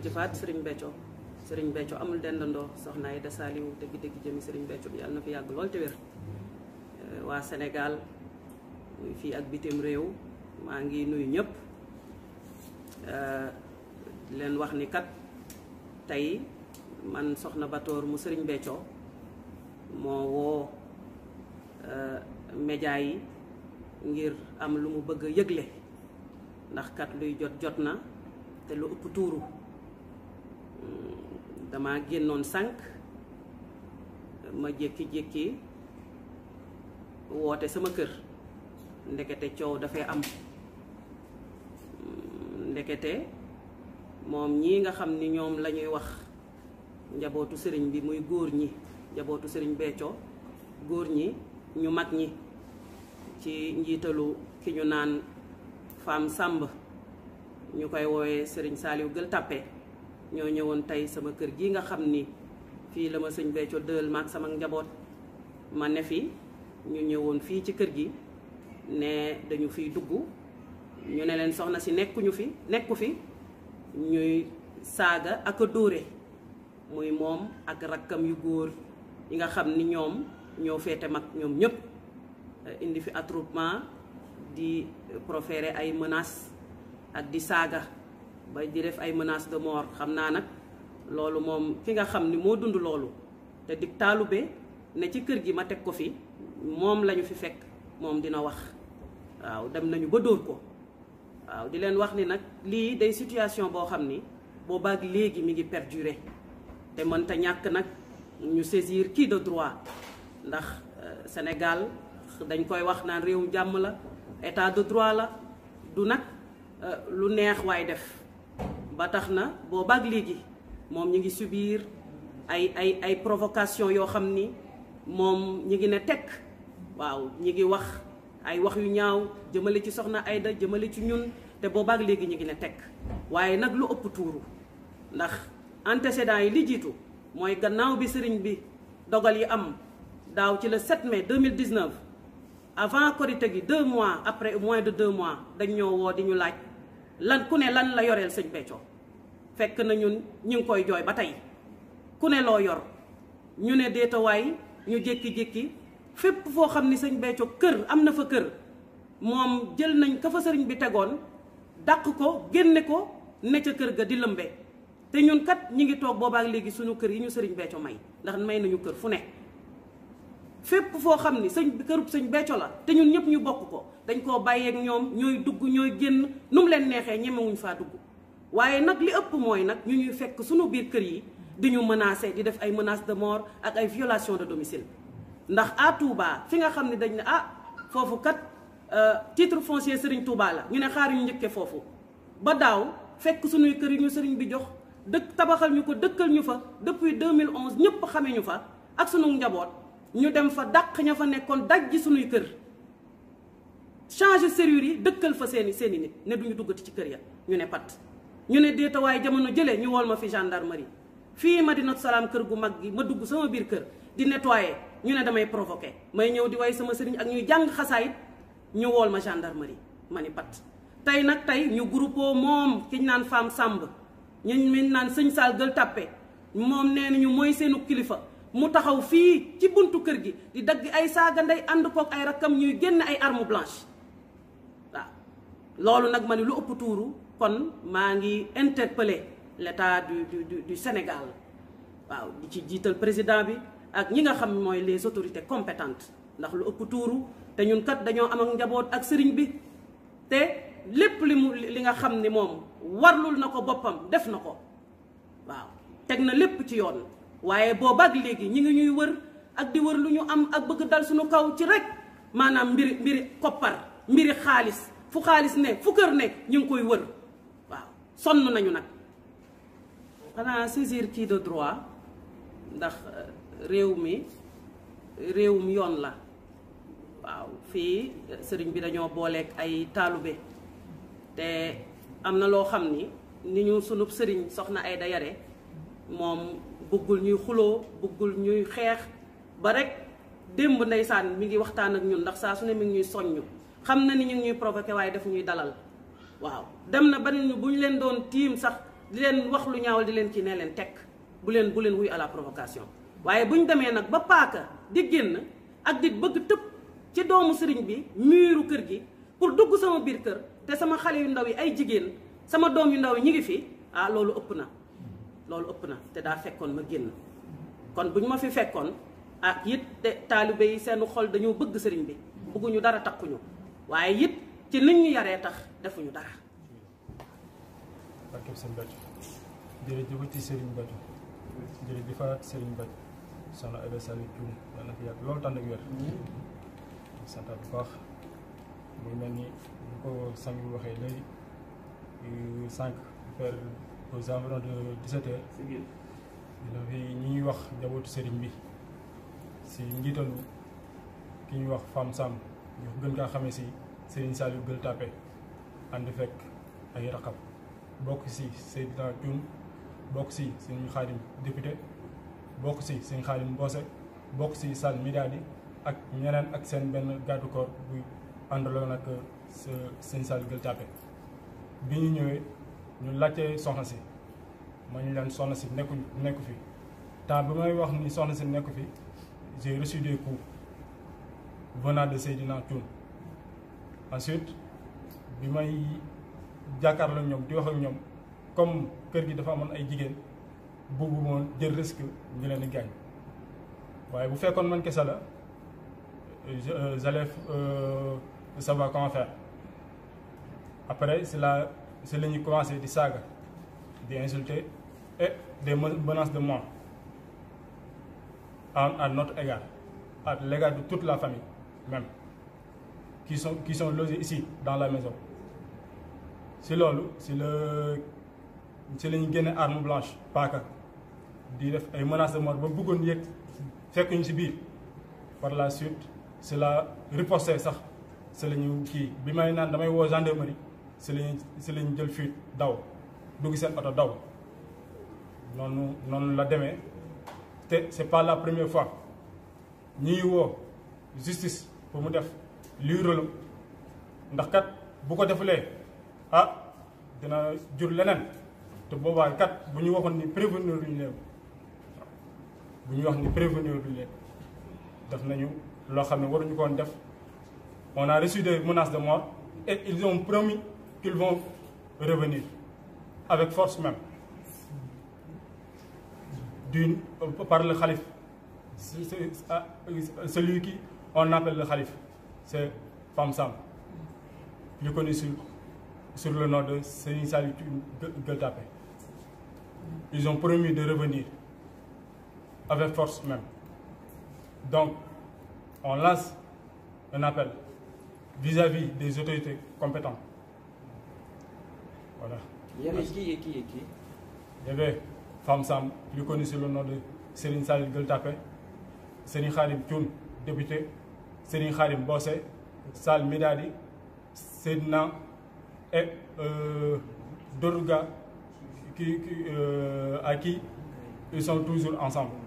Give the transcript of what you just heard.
jëfaat Serigne Béthio Serigne Béthio amul dendandoo soxna yi Saliou dëgg-dëgg jëmi sëriñ Béthio bi yàlla na fi yàgg lool te wér euh, waa Sénégal muy fii ak bitim réew maa ngi nuyu ñëpp euh, leen wax ni kat tey man soxna Batoor mu Serigne Béthio moo woo euh, média yi ngir am lu mu bëgg yëgle ndax kat luy jot jot na te lu ëpp tuuru dama génnoon sànq ma jékki-jékki woote sama kër ndekete coow dafay am mm, ndekete moom ñi nga xam ni ñoom lañuy wax njabootu sëriñ bi muy góor ñi njabootu sëriñ Béthio góor ñi ñu mat ñi ci njiitalu ki ñu naan femme sàmb ñu koy woowee sëriñ Saliou Gueule Tapée ñoo ñëwoon tey sama kër gi nga xam ni fii la ma sëñ Béthio dël maag sama njaboot ma ne fi ñu ñëwoon fii ci kër gi ne dañu fiy dugg ñu ne leen soxna si nekkuñu fi nekku fi ñuy saaga ak a dóore muy moom ak rakkam yu góor yi nga xam ni ñoom ñoo féete mag ñoom ñëpp indi fi attroupement di proférer ay menaces ak di saaga ba di def ay menaces de mort xam naa nag loolu moom ki nga xam ni moo dund loolu te dig taalube ne ci kër gi ma teg ko fi moom lañu fi fekk moom dina wax waaw dem nañu ba dóor ko waaw di leen wax ni nag lii day situation boo xam ni boobaag léegi mi ngi perdurer te mënta ñàkk nag ñu saisir kii de droit ndax euh, Sénégal dañ koy wax naan réewum jàmm la état de droit la du nag euh, lu neex waay def ba tax na booba ak léegi moom ñi ngi subir ay ay ay provocation yoo xam ni moom ñi ngi ne tekk waaw ñi ngi wax ay wax yu ñaaw jëmale ci soxna Aida jëmale ci ñun te booba ak léegi ñi ngi ne tekk waaye nag lu ëpp tuuru ndax antécédents yi li jiitu mooy gannaaw bi sëriñ bi dogal yi am daaw ci le 7 mai 2019 avant Korité gi deux mois après mois de deux mois dañ ñoo woo di ñu laaj lan ku ne lan la yoreel sëñ Béthio fekk nañu ñun ñu ngi koy jooy ba tey ku ne loo yor ñu ne déetawaay ñu jékki-jékki fépp foo xam ni sëñ Béthio kër am na fa kër moom jël nañ ka fa sëriñ bi tegoon dàq ko génne ko ne ca kër ga di lëmbe te ñun kat ñi ngi toog boobaak léegi suñu kër yi ñu sëriñ Béthio may ndax may nañu kër fu ne fépp foo xam ni sëñ bi kërub sëñ becco la te ñun ñëpp ñu bokk ko dañ koo bàyyeek ñoom ñooy dugg ñooy génn nu mu leen neexee ñemewuñ faa dugg waaye nag li ëpp mooy nag ñu ñuy fekk suñu biir kër yi di ñu menacer di def ay menaces de mort ak ay violation de domicile ndax à Touba fi nga xam ne dañ ne ah foofu kat euh, titre foncier Serigne Touba la ñu ne xaar ñu njëkkee foofu ba daaw fekk suñuy kër yi ñu Serigne bi jox dëkk tabaxal ñu ko dëkkal ñu fa depuis 2011 ñëpp xamee ñu fa ak sunu njaboot. ñu dem fa dàq ña fa nekkoon daj ji suñuy kër changer serrure yi dëkkal fa seeni seeni nit ne duñu duggati ci kër ya ñu ne pat ñu ne déetawaay jamono jëlee ñu wool ma fi gendarmerie fii ma Madinatu Salaam kër gu mag gi ma dugg sama biir kër di nettoyer ñu ne damay provoqué may ñëw di waaye sama sëriñ ak ñuy jàng xasaayit ñu wool ma gendarmerie ma ni pat tey nag tey ñu groupe moom ki naan femme sàmb ñu naan sëñ Saal Gueule tàppe moom nee nañu mooy seenu kilifa mu taxaw fii ci buntu kër gi di dagg ay saaga ndey ànd kook ay rakkam ñuy génn ay arme blanche waaw loolu nag ma ne lu ëpp tuuru kon maa ngi interpeller l'état du du du Sénégal waaw di ci jiital président bi ak ñi nga xam mooy les autorités compétentes ndax lu ëpp tuuru te ñun kat dañoo am njaboot ak sëriñ bi te lépp li mu li nga xam ni moom warlul na ko boppam def na ko waaw teg na lépp ci yoon waaye boobaak léegi ñi ngi ñuy wër ak di wër lu ñu am ak bëgg dal suñu kaw ci rek maanaam mbiri mbiri koppar mbiri xaalis fu xaalis ne fu kër ne ñu ngi koy wër waaw sonn nañu nag xanaa saisir kii de droit ndax euh, réew mi réewum yoon la waaw fii euh, sëriñ bi dañoo booleek ay taalube te am na loo xam ni ni ñu sunub sëriñ soxna Aida Yare moom buggul ñuy xuloo buggul ñuy xeex ba rek démb ndeysaan mi ngi waxtaan ak ñun ndax saa su ne mi ngi ñuy soññu xam na ni ñu ngi ñuy provoqué waaye daf ñuy dalal waaw dem na ba ne ñu bu ñu leen doon tiim sax di leen wax lu ñaawal di leen ci ne leen tekk bu leen bu leen wuy à la provocation waaye bu ñu demee nag ba paaka di génn ak di bëgg tëb ci doomu sëriñ bi miiru kër gi pour dugg sama biir kër te sama xale yu ndaw yi ay jigéen sama doom yu ndaw yi ñu ngi fi ah loolu ëpp na loolu ëpp na te daa fekkoon ma génn kon bu ñu ma fi fekkoon ak it te taalibe yi seen xol dañoo bëgg sëriñ bi bëgguñu dara takkuñu waaye it ci nit ñu yaree tax defuñu dara. barkeb sëriñ Bethio jërëjëfati sëriñ Bethio jërëjëfaat sëriñ Bethio soxna Aïda Saliou Thioune yal na fi yàgg loolu tànn ak wér santaat bu baax muy mel ni ñu ko sang bi waxee léegi sànq faire aux environs de 17 heures dina fi ñi ñuy wax njabootu sëriñ bi si njiitalu ki ñuy wax Fam Sam ñu gën kaa xamee si sëriñ Saliou Gueule Tapée ànd fekk ay raqam bokk si Seydina Thioune bokk si sëriñ Xaadim bokk si sëriñ Xaadim Mboose bokk si Sall Midaadi ak ñeneen ak seen benn gàddu koor buy àndaloon ak euh, sëriñ Saliou Gueule Tapée bi ñu ñëwee ñu laajte soxna si ma ñu leen soxna si nekku nekku fii temps bi may wax ni soxna si nekku fi j'ai reçu des coups venant de Seydina Thioune ensuite bi may jàkkaarloo ñoom di wax ñoom comme kër gi dafa amoon ay jigéen boobu moom jël risque ñu leen di gaañ waaye bu fekkoon man kese la euh, j'allais euh, savoir comment après c'est la si la ñuy commencé di saaga di insulter et des menaces de mort à notre égard à l'égard de toute la famille même qui son qui sont logés ici dans la maison si loolu si la si la ñu génne arme blanche paaka di def ay menaces de mort ba bëggoon yëg fekk ñu si biir par la suite si la riposte sax si la ñu kii bi may naan damay woo gendarmerie si lañ si lañu jël fii daw dugg seen oto daw noonu noonu la demee te c'est par la première fois ñuy woo justice pour mu def lii rëlu ndax kat bu ko defulee ah dina jur leneen te boobaa kat bu ñu waxoon ni prévenir luñu leen bu ñu wax ni prévenir luñu leen def nañu loo xam ne waruñu koon def on a reçu des de mort et ils ont promis qu'ils vont revenir avec force même d'une par le calife ah, celui qui on appelle le calife c'est Fam Sam plus connu sur, le nom de Serigne Saliou ils ont promis de revenir avec force même donc on lance un appel vis à -vis des autorités compétentes Voilà. Il y avait qui et qui et qui Il y de Serine Salil Gultapé, Serine Khadim Thioun, député, Serine Khadim Bossé, Sal Medadi, Sedna et euh, Doruga, qui, qui, euh, à qui toujours ensemble.